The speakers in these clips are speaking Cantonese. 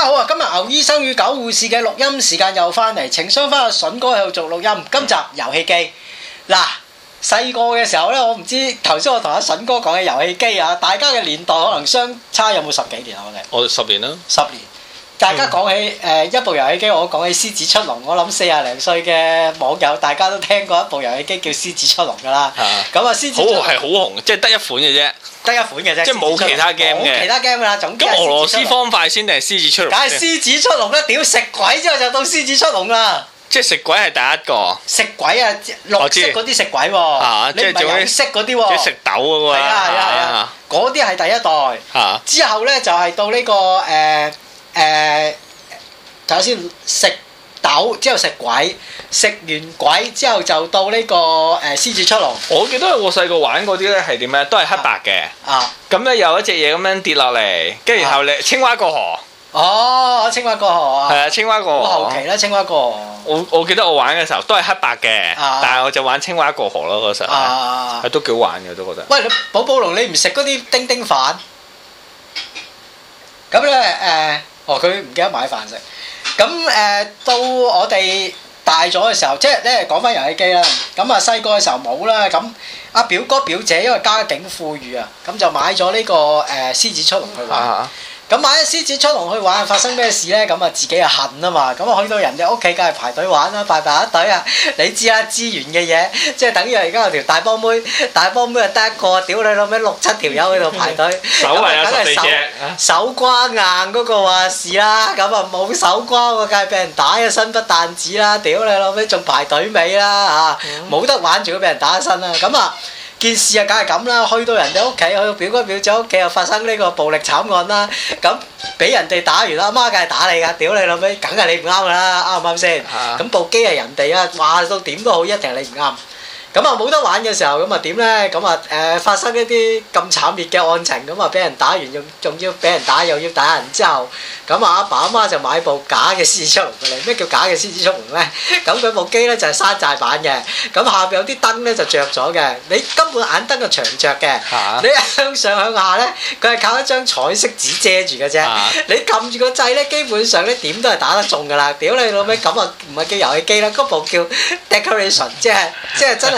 大家好啊！今日牛醫生與狗護士嘅錄音時間又翻嚟，請雙方阿筍哥喺度做錄音。今集遊戲機嗱，細個嘅時候呢，我唔知頭先我同阿筍哥講嘅遊戲機啊，大家嘅年代可能相差有冇十幾年啊？我哋我十年啦，十年。大家講起誒、嗯呃，一部遊戲機，我講起《獅子出籠》，我諗四十零歲嘅網友，大家都聽過一部遊戲機叫《獅子出籠》噶啦。咁啊，獅子出籠係好，好紅，即係得一款嘅啫。得一款嘅啫，即係冇其他 game 嘅，冇其他 game 啦。總之，咁俄羅斯方塊先定係獅子出籠？梗係獅子出籠啦！屌食鬼之後就到獅子出籠啦。即係食鬼係第一個。食鬼啊！綠色嗰啲食鬼喎、啊，你唔係黃色嗰啲喎，即食豆啊嘛。係啊係啊，嗰啲係第一代。嚇、啊！之後咧就係、是、到呢、這個誒誒，頭、呃呃、先食。豆之後食鬼，食完鬼之後就到呢個誒獅子出籠。我記得我細個玩嗰啲咧係點咧？都係黑白嘅。啊！咁咧有一隻嘢咁樣跌落嚟，跟住然後咧青蛙過河。哦，青蛙過河。係啊，青蛙過河。後期咧，青蛙過河。我我記得我玩嘅時候都係黑白嘅，但係我就玩青蛙過河咯嗰時候。啊係都幾好玩嘅，都覺得。喂，寶寶龍，你唔食嗰啲叮叮飯？咁咧誒，哦佢唔記得買飯食。咁誒到我哋大咗嘅時候，即係咧講翻遊戲機啦。咁啊細個嘅時候冇啦，咁阿表哥表姐因為家境富裕啊，咁就買咗呢、呢個誒、呃、獅子出嚟去玩。啊。咁買啲獅子出籠去玩，發生咩事呢？咁啊，自己啊恨啊嘛！咁啊，好多人啫，屋企梗係排隊玩啦，排排一隊啊！你知啦，資源嘅嘢，即係等於而家有條大波妹，大波妹又得一個，屌你老味六七條友喺度排隊， 手 手瓜硬嗰個話事啦！咁啊，冇手瓜，我梗係俾人打一身不但止啦！屌你老味仲排隊尾啦嚇，冇、啊、 得玩仲要俾人打一身啦。咁啊～ 件事啊，梗係咁啦，去到人哋屋企，去到表哥表姐屋企又發生呢個暴力慘案啦，咁俾人哋打完，阿媽梗係打你噶，屌你老味，梗係你唔啱噶啦，啱唔啱先？咁、啊、部機係人哋啊，話，到點都好，一定係你唔啱。咁啊冇得玩嘅時候，咁啊點咧？咁啊誒發生一啲咁慘烈嘅案情，咁啊俾人打完，仲仲要俾人打，又要打人之後，咁啊阿爸阿媽就買部假嘅獅子出門嚟。咩叫假嘅獅子出門咧？咁佢部機咧就係山寨版嘅。咁下邊有啲燈咧就著咗嘅，你根本眼燈就長著嘅。嚇！你向上向下咧，佢係靠一張彩色紙遮住嘅啫。嚇！你撳住個掣咧，基本上咧點都係打得中噶啦。屌你老味，咁啊唔係叫遊戲機啦，嗰部叫 Decoration，即係即係真。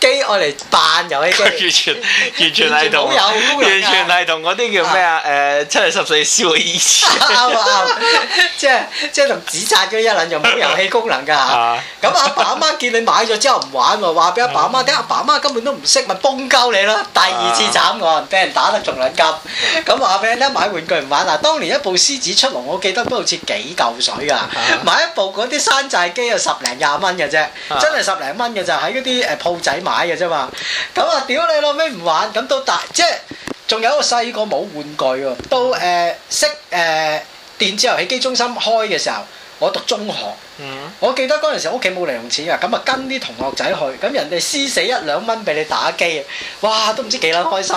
機愛嚟扮遊戲機，完全完全係同完全係同嗰啲叫咩啊？誒七月十四燒嘅意思，即係即係同紙紮一輪，就冇遊戲功能㗎。咁阿爸阿媽見你買咗之後唔玩喎，話俾阿爸阿媽聽，阿爸阿媽根本都唔識，咪崩鳩你咯。第二次斬我，俾人打得仲撚急。咁話俾你聽，買玩具唔玩嗱，當年一部獅子出籠，我記得都好似幾嚿水㗎。買一部嗰啲山寨機啊，十零廿蚊嘅啫，真係十零蚊嘅咋。喺嗰啲誒鋪仔。買嘅啫嘛，咁啊屌你老味唔玩，咁到大即係仲有一個細個冇玩具喎，到誒、呃、識誒、呃、電子遊戲機中心開嘅時候。我讀中學，嗯、我記得嗰陣時屋企冇零用錢嘅，咁啊跟啲同學仔去，咁人哋施死一兩蚊俾你打機，哇都唔知幾撚開心。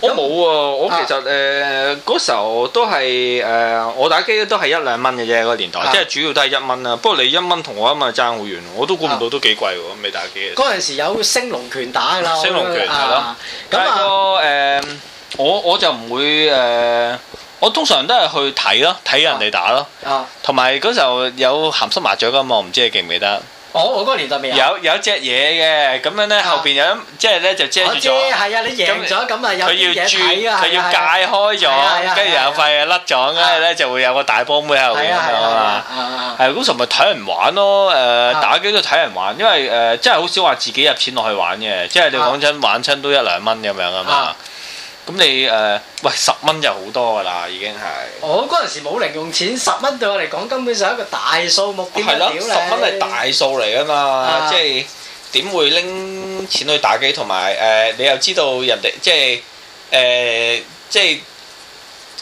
我冇啊，我其實誒嗰、啊呃、時候都係誒、呃、我打機都係一兩蚊嘅啫嗰個年代，即係、啊、主要都係一蚊啊。不過你一蚊同我一蚊爭好遠，我都估唔到都幾貴喎，你、啊、打機。嗰陣、啊、時有升龍拳打啦，升龍拳係咯。咁啊誒、啊呃，我我，我就唔會誒。呃我通常都係去睇咯，睇人哋打咯，同埋嗰時候有鹹濕麻雀噶嘛，我唔知你記唔記得？我我嗰年代未有有一隻嘢嘅，咁樣咧後邊有，即係咧就遮住咗。我知係啊，你贏咗咁啊，又佢要轉，佢要解開咗，跟住有肺啊，甩咗，跟住咧就會有個大波妹喺度咁樣啊。係咁咪睇人玩咯，誒打機都睇人玩，因為誒真係好少話自己入錢落去玩嘅，即係你講真玩親都一兩蚊咁樣啊嘛。咁你誒、呃，喂十蚊就好多㗎啦，已經係。我嗰陣時冇零用錢，十蚊對我嚟講根本就係一個大數目。點解、哦、十蚊係大數嚟㗎嘛，啊、即係點會拎錢去打機同埋誒？你又知道人哋即係誒，即係。呃即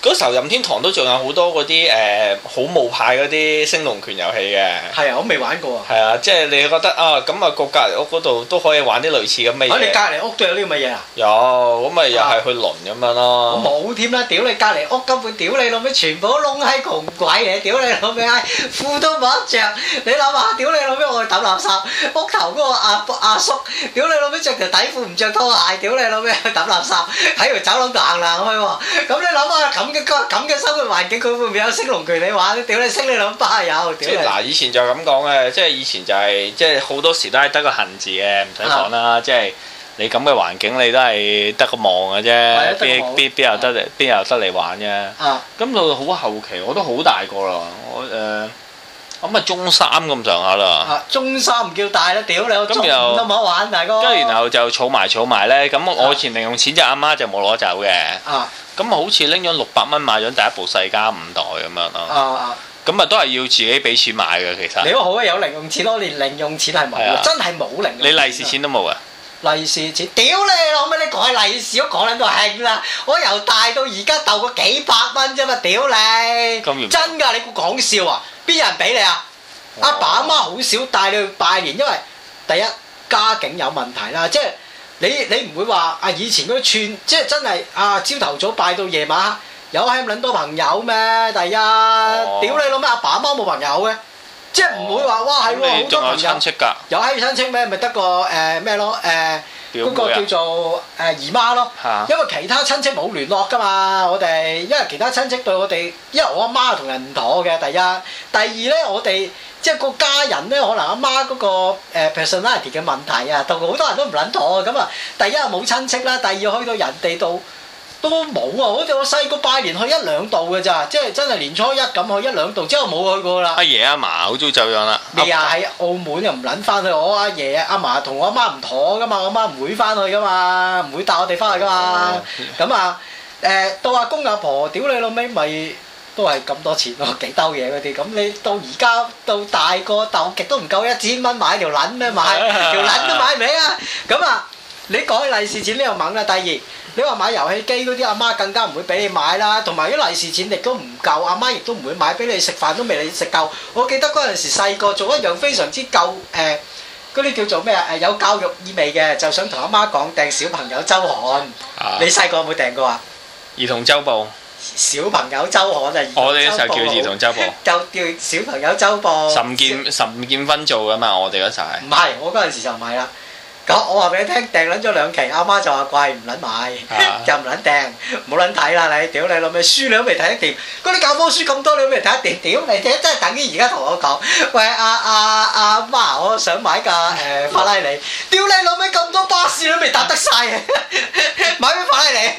嗰時候任天堂都仲有好多嗰啲誒好冒牌嗰啲升龍拳遊戲嘅。係啊，我未玩過啊。係啊，即係你覺得啊，咁啊，隔離屋嗰度都可以玩啲類似咁嘅嘢。喺你隔離屋都有啲咁嘅嘢啊？有，咁咪又係去輪咁樣咯。冇添啦，屌你隔離屋根本屌你老味，全部都窿喺窮鬼嚟，屌你老味，褲都冇得著。你諗下，屌你老味，我去揼垃圾，屋頭嗰個阿阿叔，屌你老味，着條底褲唔着拖鞋，屌你老味去揼垃圾，喺條走廊行行咁樣，咁你諗下咁嘅生活環境，佢會唔會有升龍巨你玩？屌你升你兩巴友，屌你，嗱，以前就係咁講嘅，即係以前就係即係好多時都係得個「行」字嘅，唔使講啦。即係你咁嘅環境，你都係得個望嘅啫。邊邊又得嚟？邊又得嚟玩啫。啊！咁到到好後期，我都好大個啦。我誒咁、呃、啊，中三咁上下啦。中三唔叫大啦！屌你，我中五都冇得玩，大哥。跟住然後就儲埋儲埋咧。咁我以前零用錢媽媽就阿媽就冇攞走嘅。啊啊咁好似拎咗六百蚊買咗第一部世嘉五代咁樣咯，咁咪、啊啊、都係要自己俾錢買嘅其實。你都好啊，有零用錢，我連零用錢都冇的，真係冇零用錢。用你利是錢都冇啊？利是錢，屌你，我乜你改利是都講撚都興啦！我由大到而家逗過幾百蚊啫嘛，屌你！月真㗎，你估講笑啊？邊有人俾你啊？阿哇爸阿媽好少帶你去拜年，因為第一家境有問題啦，即係。你你唔會話啊？以前嗰串即係真係啊！朝頭早拜到夜晚，有閪撚多朋友咩？第一、啊哦、屌你老母阿爸阿媽冇朋友嘅，即係唔會話哇係好、哦、多朋友有閪親戚咩？咪得個誒咩、呃、咯誒？呃嗰個叫做誒姨媽咯，因為其他親戚冇聯絡㗎嘛。我哋因為其他親戚對我哋，因為我阿媽同人唔妥嘅。第一、第二咧，我哋即係個家人咧，可能阿媽嗰個 personality 嘅問題啊，同好多人都唔撚妥咁啊。第一冇親戚啦，第二去到人哋度。都冇啊！好似我細個拜年去一兩度㗎咋，即係真係年初一咁去一兩度，之後冇去過啦。阿爺阿嫲好早走咗啦。未啊，喺澳門又唔撚翻去。我阿爺阿嫲同我阿媽唔妥噶嘛，我阿媽唔會翻去噶嘛，唔會帶我哋翻去噶嘛。咁啊，誒到阿公阿婆，屌你老尾，咪都係咁多錢咯，幾兜嘢嗰啲。咁你到而家到大個竇，極都唔夠一千蚊買條撚咩，買，條撚都買唔起啊！咁啊～你講起利是錢呢個猛啦！第二，你話買遊戲機嗰啲阿媽更加唔會俾你買啦，同埋啲利是錢亦都唔夠，阿媽亦都唔會買俾你食飯都未，你食夠。我記得嗰陣時細個做一樣非常之舊誒，嗰啲叫做咩啊？誒有教育意味嘅，就想同阿媽講訂小朋友週刊。你細個有冇訂過啊？兒童週報。小朋友週刊啊！我哋嗰時候叫兒童週報。叫叫小朋友週報。岑建岑建芬做噶嘛？我哋嗰陣時。唔係，我嗰陣時就唔係啦。咁我話俾你聽，訂撚咗兩期，阿媽就話貴，唔撚買，又唔撚訂，冇撚睇啦你，屌你老味，書你都未睇得掂，嗰啲教科書咁多你都未睇得掂，屌你，真係等於而家同我講，喂，阿阿阿媽，我想買架誒法拉利，屌你老味，咁多巴士你都未搭得曬，買咩法拉利，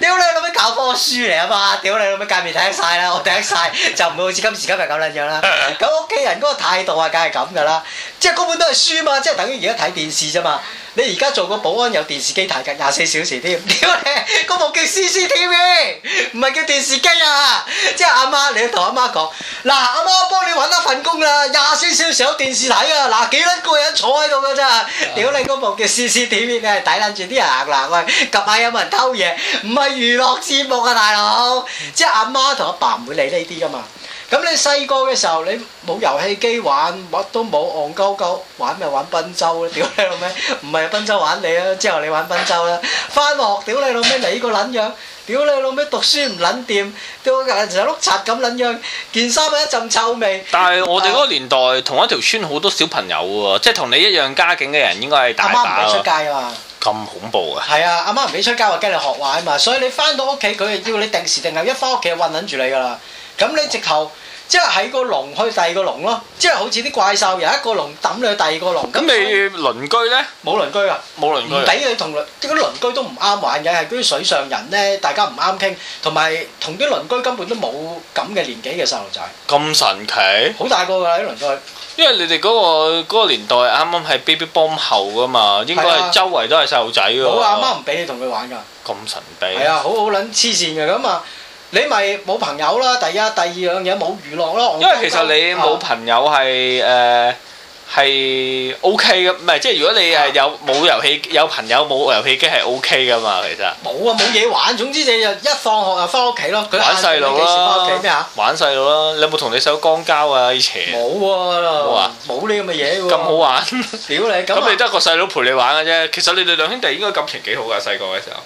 屌你老！教科、啊、書嚟啊嘛，屌你老味，界面睇得曬啦，我睇得曬就唔會好似今時今日咁樣樣啦。咁屋企人嗰個態度啊，梗係咁噶啦，即係根本都係書嘛，即係等於而家睇電視啫嘛。你而家做個保安有電視機睇嘅廿四小時添，屌你！嗰部叫 CCTV，唔係叫電視機啊！即係阿媽，你同阿媽講嗱，阿媽幫你揾一份工啦，廿四小時有電視睇啊！嗱，幾撚個人坐喺度嘅真係，屌 Yeah. 你！嗰部叫 CCTV，你係抵撚住啲人行嚟行去，及下有冇人偷嘢？唔係娛樂節目啊，大佬！即係阿媽同阿爸唔會理呢啲噶嘛。咁你細個嘅時候，你冇遊戲機玩，乜都冇，戇鳩鳩玩咩？玩賓州咯？屌你老味，唔係賓州玩你啦，之後你玩賓州啦。翻學，屌你老味，你個撚樣，屌你老味，讀書唔撚掂，都成日碌柒咁撚樣，件衫啊一陣臭味。但係我哋嗰個年代，同一條村好多小朋友喎，即係同你一樣家境嘅人應該係大把。阿媽唔俾出街啊嘛。咁恐怖啊！係啊，阿媽唔俾出街，話驚你學壞啊嘛，所以你翻到屋企，佢要你定時定候一翻屋企就韞撚住你噶啦。咁你直頭。即係喺個籠去第二個籠咯，即係好似啲怪獸由一個籠抌去第二個籠咁。咁你鄰居咧？冇鄰居啊，冇鄰居。唔俾佢同鄰居，啲嗰啲鄰居都唔啱玩嘅，係嗰啲水上人咧，大家唔啱傾，同埋同啲鄰居根本都冇咁嘅年紀嘅細路仔。咁神奇？好大個噶啲鄰居。因為你哋嗰個嗰個年代啱啱係 baby boom 後噶嘛，應該係周圍都係細路仔噶。我阿媽唔俾你同佢玩噶。咁神秘？係啊，好好捻黐線嘅咁啊。你咪冇朋友啦，第一第二樣嘢冇娛樂咯。因為其實你冇朋友係誒係 O K 嘅，唔係即係如果你誒有冇遊戲有朋友冇遊戲機係 O K 噶嘛，其實冇啊冇嘢玩，總之你就一放學就翻屋企咯。玩細路啦，玩細路啦，你有冇同你手肛交啊？以前冇啊，冇啊，冇你咁嘅嘢喎。咁好玩，屌你咁。咁你得個細佬陪你玩嘅啫，其實你哋兩兄弟應該感情幾好㗎，細個嘅時候。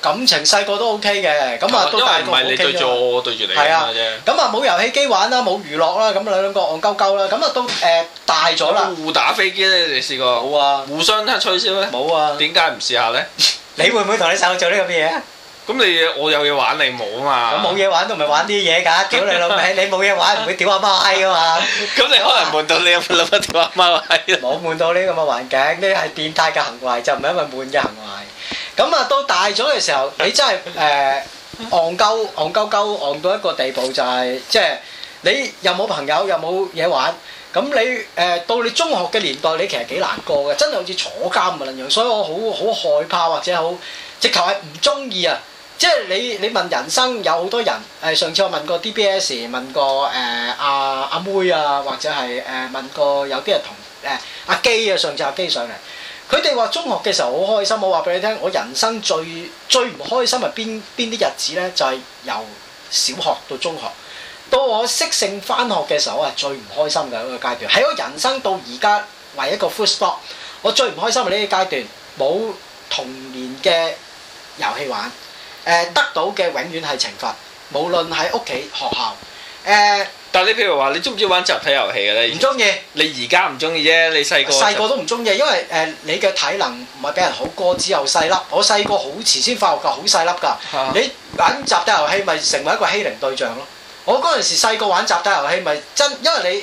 感情細個都 OK 嘅，咁啊都係對住我，對住你。係啊，咁啊冇遊戲機玩啦，冇娛樂啦，咁兩兩個戇鳩鳩啦，咁啊都誒大咗啦。互打飛機咧，你試過？好啊！互相吹簫咧？冇啊！點解唔試下咧？你會唔會同你細佬做呢個乜嘢？咁你我有嘢玩你冇啊嘛？咁冇嘢玩都唔係玩啲嘢㗎，屌你老味！你冇嘢玩，唔會屌阿媽閪㗎嘛？咁你可能悶到你有冇諗屌阿媽閪啦！冇悶到呢個環境，呢係變態嘅行為，就唔係因為悶嘅行為。咁啊，到大咗嘅時候，你真係誒戇鳩戇鳩鳩戇到一個地步，就係即係你又冇朋友，又冇嘢玩。咁你誒到你中學嘅年代，你其實幾難過嘅，真係好似坐監咁樣樣。所以我好好害怕，或者好直頭係唔中意啊！即係你你問人生有好多人誒，上次我問過 DBS，問過誒阿阿妹啊，或者係誒問過有啲人同誒阿基啊，上次阿基上嚟。佢哋話中學嘅時候好開心，我話俾你聽，我人生最最唔開心係邊邊啲日子咧？就係、是、由小學到中學，到我適性返學嘅時候，我係最唔開心嘅一個階段。喺我人生到而家為一個 full stop，我最唔開心係呢個階段，冇童年嘅遊戲玩，誒、呃、得到嘅永遠係懲罰，無論喺屋企、學校，誒、呃。但你譬如話，你中唔中意玩集體遊戲嘅咧？唔中意。你而家唔中意啫，你細個。細個都唔中意，因為誒你嘅體能唔係比人好過，個子又細粒。我細個好遲先發育嘅，好細粒㗎。啊、你玩集體遊戲咪成為一個欺凌對象咯？我嗰陣時細個玩集體遊戲咪真，因為你。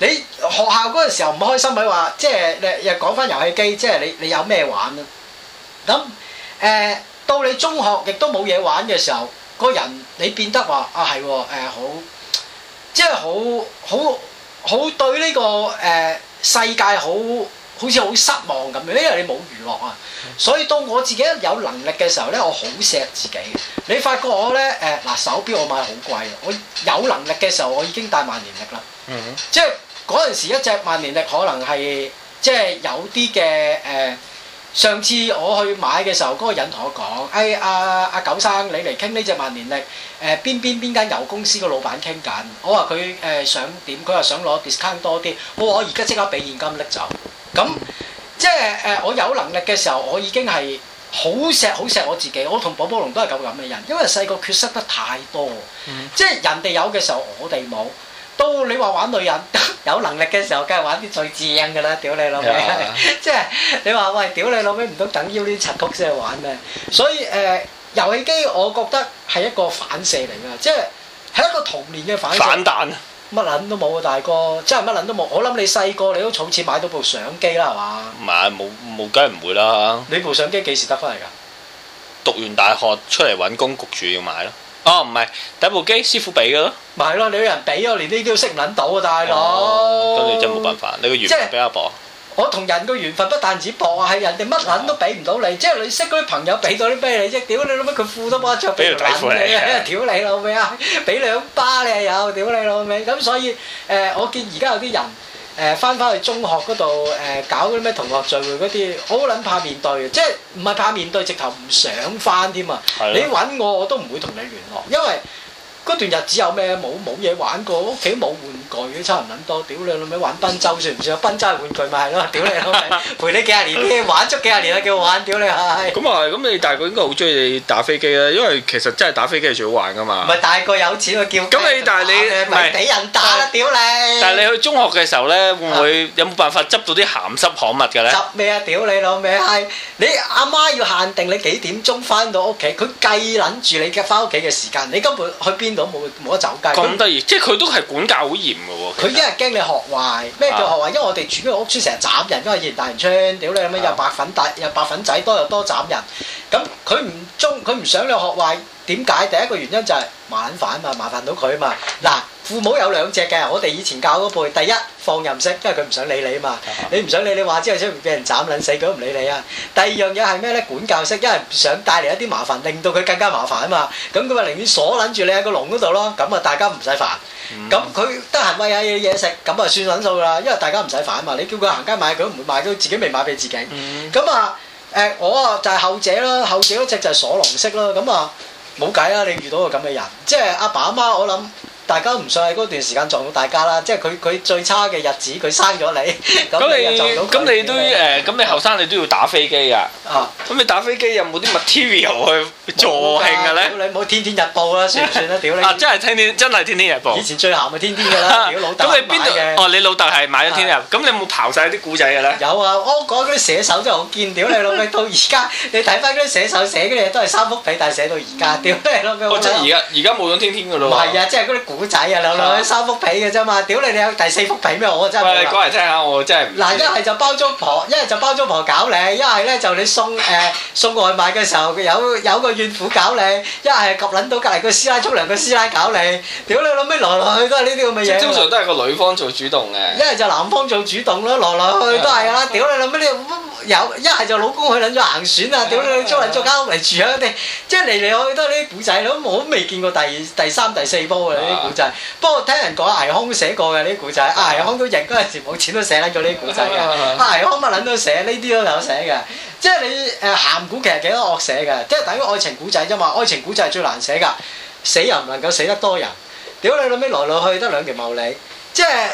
你學校嗰陣時候唔開心咪話，即係你又講翻遊戲機，即係你你有咩玩咯？咁誒、呃、到你中學亦都冇嘢玩嘅時候，個人你變得話啊係喎、呃、好，即係好好好對呢、這個誒、呃、世界好好似好失望咁樣，因為你冇娛樂啊。所以到我自己有能力嘅時候咧，我好錫自己。你發覺我咧誒嗱，手錶我買好貴啊，我有能力嘅時候我已經戴萬年曆啦，mm hmm. 即係。嗰陣時一隻萬年曆可能係即係有啲嘅誒，上次我去買嘅時候，嗰、那個人同我講，誒阿阿九生，你嚟傾呢隻萬年曆，誒、呃、邊邊邊間油公司個老闆傾緊。我話佢誒想，想點，佢又想攞 discount 多啲，我話我而家即刻俾現金拎走。咁即係誒我有能力嘅時候，我已經係好錫好錫我自己。我同寶寶龍都係咁咁嘅人，因為細個缺失得太多，嗯、即係人哋有嘅時候我哋冇。都你話玩女人， 有能力嘅時候，梗係玩啲最正嘅啦！屌你老味，即係你話喂，屌你老味唔通等腰乎乎呢啲殘曲先去玩咩？所以誒、呃，遊戲機我覺得係一個反射嚟㗎，即係係一個童年嘅反，反彈。乜撚都冇啊大哥，真係乜撚都冇。我諗你細個你都儲錢買到部相機啦係嘛？唔係冇冇，梗係唔會啦。你部相機幾時得翻嚟㗎？讀完大學出嚟搵工焗住要買咯。哦，唔係第一部機，師傅俾㗎咯，咪係咯，你有人俾我連呢啲都識唔撚到啊大佬，咁你真係冇辦法，你個緣分比較薄。我同人個緣分不但止薄啊，係人哋乜撚都俾唔到你，即係你識嗰啲朋友俾到啲咩你啫，屌你老母佢褲都冇得著俾你，屌你老味啊，俾兩巴你又，屌你老味，咁所以誒，我見而家有啲人。誒翻返去中學嗰度，搞嗰啲咩同學聚會嗰啲，好撚怕面對嘅，即係唔係怕面對，直頭唔想翻添啊！的你揾我，我都唔會同你聯絡，的因為。嗰段日子有咩？冇冇嘢玩過，屋企冇玩具，差唔多。屌你老味，玩賓州算唔算啊？賓州係玩具咪係咯？屌你老味，陪你幾十年都玩足幾十年啦，幾好玩！屌你係。咁啊，咁你大個應該好中意打飛機啦，因為其實真係打飛機係最好玩噶嘛。唔係大個有錢咪叫。咁你但係你唔係俾人打啦！屌你。但係你去中學嘅時候咧，會唔會有冇辦法執到啲鹹濕刊物嘅咧？執咩啊？屌你老味閪！你阿媽要限定你幾點鐘翻到屋企，佢計捻住你嘅翻屋企嘅時間。你根本去邊？咁得意，即係佢都係管教好嚴嘅喎。佢一日驚你學壞，咩、啊、叫學壞？因為我哋住嗰個屋村成日斬人，因為以前大人村，屌你想想有咩又白粉大又白粉仔多又多斬人。咁佢唔中，佢唔想你學壞。點解？第一個原因就係麻撚煩嘛，麻煩到佢嘛。嗱，父母有兩隻嘅，我哋以前教嗰輩，第一放任式，因為佢唔想理你嘛，你唔想理你話之後，將會俾人斬撚死，佢都唔理你啊。第二樣嘢係咩咧？管教式，因為唔想帶嚟一啲麻煩，令到佢更加麻煩啊嘛。咁佢咪寧願鎖撚住你喺個籠嗰度咯，咁啊大家唔使煩。咁佢得閒餵下嘢食，咁啊算撚數啦，因為大家唔使煩啊嘛。你叫佢行街買，佢都唔會買，都自己未買俾自己。咁啊，誒我啊就係後者咯，後者嗰隻就係鎖籠式咯，咁啊。冇計啦！你遇到個咁嘅人，即係阿爸阿媽，我諗。大家唔信喺嗰段時間撞到大家啦，即係佢佢最差嘅日子，佢生咗你，咁你撞到佢咁你都誒，咁你後生你都要打飛機噶。啊！咁你打飛機有冇啲 material 去助興嘅呢？屌你冇天天日報啦，算唔算咧？屌你！真係天天，真係天天日報。以前最鹹嘅天天嘅啦，老豆。咁你邊度？哦，你老豆係買咗天天。咁你冇刨晒啲古仔嘅啦？有啊，我講嗰啲寫手真係好見屌你老味，到而家你睇翻嗰啲寫手寫嘅嘢都係三幅皮，但係寫到而家，屌咩老味，即係而家而家冇咗天天嘅啦。唔係啊，即係啲古僆仔啊，來來去三幅被嘅啫嘛，屌你，你有第四幅被咩？我真係唔～喂，講嚟聽下，我真係唔～嗱，一係就包租婆，一係就包租婆搞你；一係咧就你送誒送外賣嘅時候有有個怨婦搞你；一係及撚到隔離個師奶沖涼個師奶搞你。屌你諗咩，來來去都係呢啲咁嘅嘢。通常都係個女方做主動嘅。一係就男方做主動囉，來來去去都係啦。屌你諗咩呢？有一係就老公佢撚咗行選啊！屌你，租嚟租間屋嚟住啊！你即係嚟嚟去去都係呢啲古仔，你都冇未見過第第三、第四波嘅呢啲古仔。啊、不過聽人講倪匡寫過嘅呢啲古仔，啊，倪匡都型嗰陣時冇錢都寫得咗呢啲古仔嘅，啊，倪匡、啊、都撚到寫呢啲都有寫嘅。即、就、係、是、你誒鹹古其實幾多惡寫嘅？即、就、係、是、等於愛情古仔啫嘛，愛情古仔係最難寫噶，死又唔能夠死得多人。屌你老味來來去去得兩條茂利，即、就、係、是。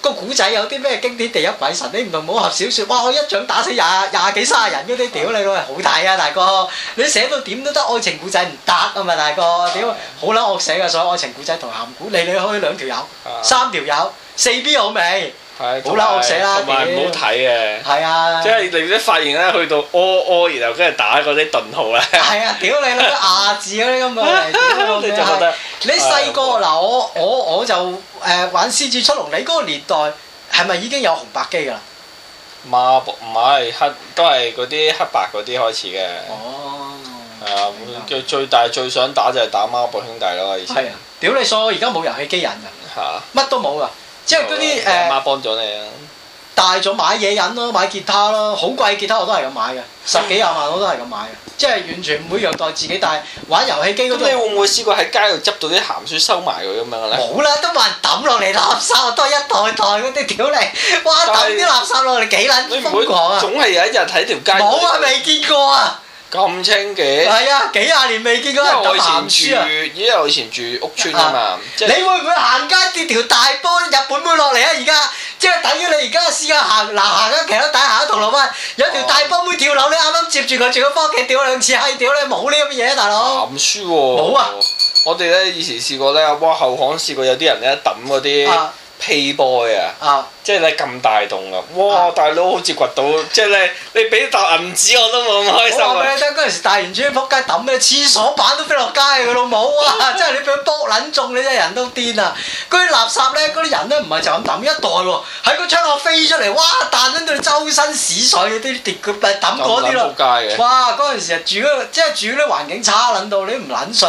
個古仔有啲咩經典地一鬼神？你唔同武俠小説，哇！我一掌打死廿廿幾卅人嗰啲屌、嗯、你咯，好大啊大哥！你寫到點都得，愛情古仔唔得啊嘛大哥，屌好撚惡寫啊！所有愛情古仔同鹹古離離開兩條友，嗯、三條友，四 B 好味。好啦，我寫啦，同埋唔好睇嘅。係啊，即係你啲發現咧，去到哦哦，然後跟住打嗰啲頓號咧。係啊，屌你啦，亞字嗰啲咁嘅。你細個嗱，我我我就誒玩獅子出籠。你嗰個年代係咪已經有紅白機㗎 m 孖 c 唔係黑，都係嗰啲黑白嗰啲開始嘅。哦。係啊，最大最想打就係打孖 a 兄弟咯。以前。係啊，屌你索，而家冇遊戲機人啊。乜都冇㗎。即係嗰啲誒，大咗買嘢癮咯，買吉他咯，好貴吉他我都係咁買嘅，十幾廿萬我都係咁買嘅， 即係完全唔會虐待自己，但係玩遊戲機。咁你會唔會試過喺街度執到啲鹹水收埋佢咁樣咧？冇啦，都冇人抌落嚟垃圾，都係一袋袋嗰啲屌你。哇，抌啲是垃圾落嚟幾撚瘋狂啊！總係有一日喺條街冇啊，未見過啊！咁清潔？係啊，幾廿年未見過人，因為我以前住，因為以前住屋村啊嘛。啊即你會唔會行街跌條大波日本妹落嚟啊？而家即係等於你而家試下行，嗱行緊騎樓底行緊銅鑼灣，有條大波妹跳樓，你啱啱接住佢，仲要幫佢屌兩次閪屌你，冇呢咁嘅嘢大佬！鹹豬喎！冇啊！啊啊啊我哋咧以前試過咧，哇後巷試過有啲人咧抌嗰啲。啊屁 a y b o y 啊，啊即係你咁大洞啦、啊，哇！大佬好似掘到，啊、即係你你俾沓銀紙我都冇咁開心、啊我。我話佢嗰時戴完出去撲街抌咩？廁所板都飛落街嘅老母啊！ 即係你俾佢卜撚中，你真人都癲啊！嗰啲垃圾咧，嗰啲人都唔係就咁抌一袋喎，喺個窗口飛出嚟，哇彈到你周身屎水，啲跌佢抌嗰啲咯。哇！嗰陣啊，時住嗰即係住嗰啲環境差撚到，你唔撚信。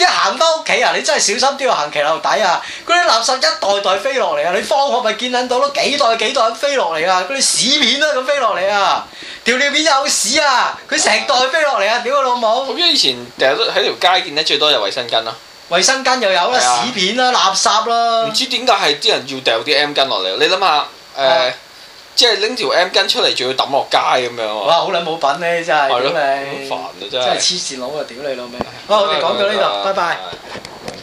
啲行翻屋企啊！你真係小心都要行騎樓底啊！嗰啲垃圾一袋袋飛落嚟啊！你放學咪見撚到咯？幾袋幾袋咁飛落嚟啊！嗰啲屎片都咁飛落嚟啊！條尿片有屎啊！佢成袋飛落嚟啊！屌你老母！好好，我記得以前掉喺條街見得最多就衞生巾咯，衞生巾又有啦，的屎片啦，垃圾啦。唔知點解係啲人要掉啲 M 巾落嚟？你諗下誒？呃即係拎條 M 巾出嚟，仲要抌落街咁樣哇，好撚冇品呢，真係屌你！好煩！真係黐線佬啊，屌你老味！好，我哋講到呢度，拜拜。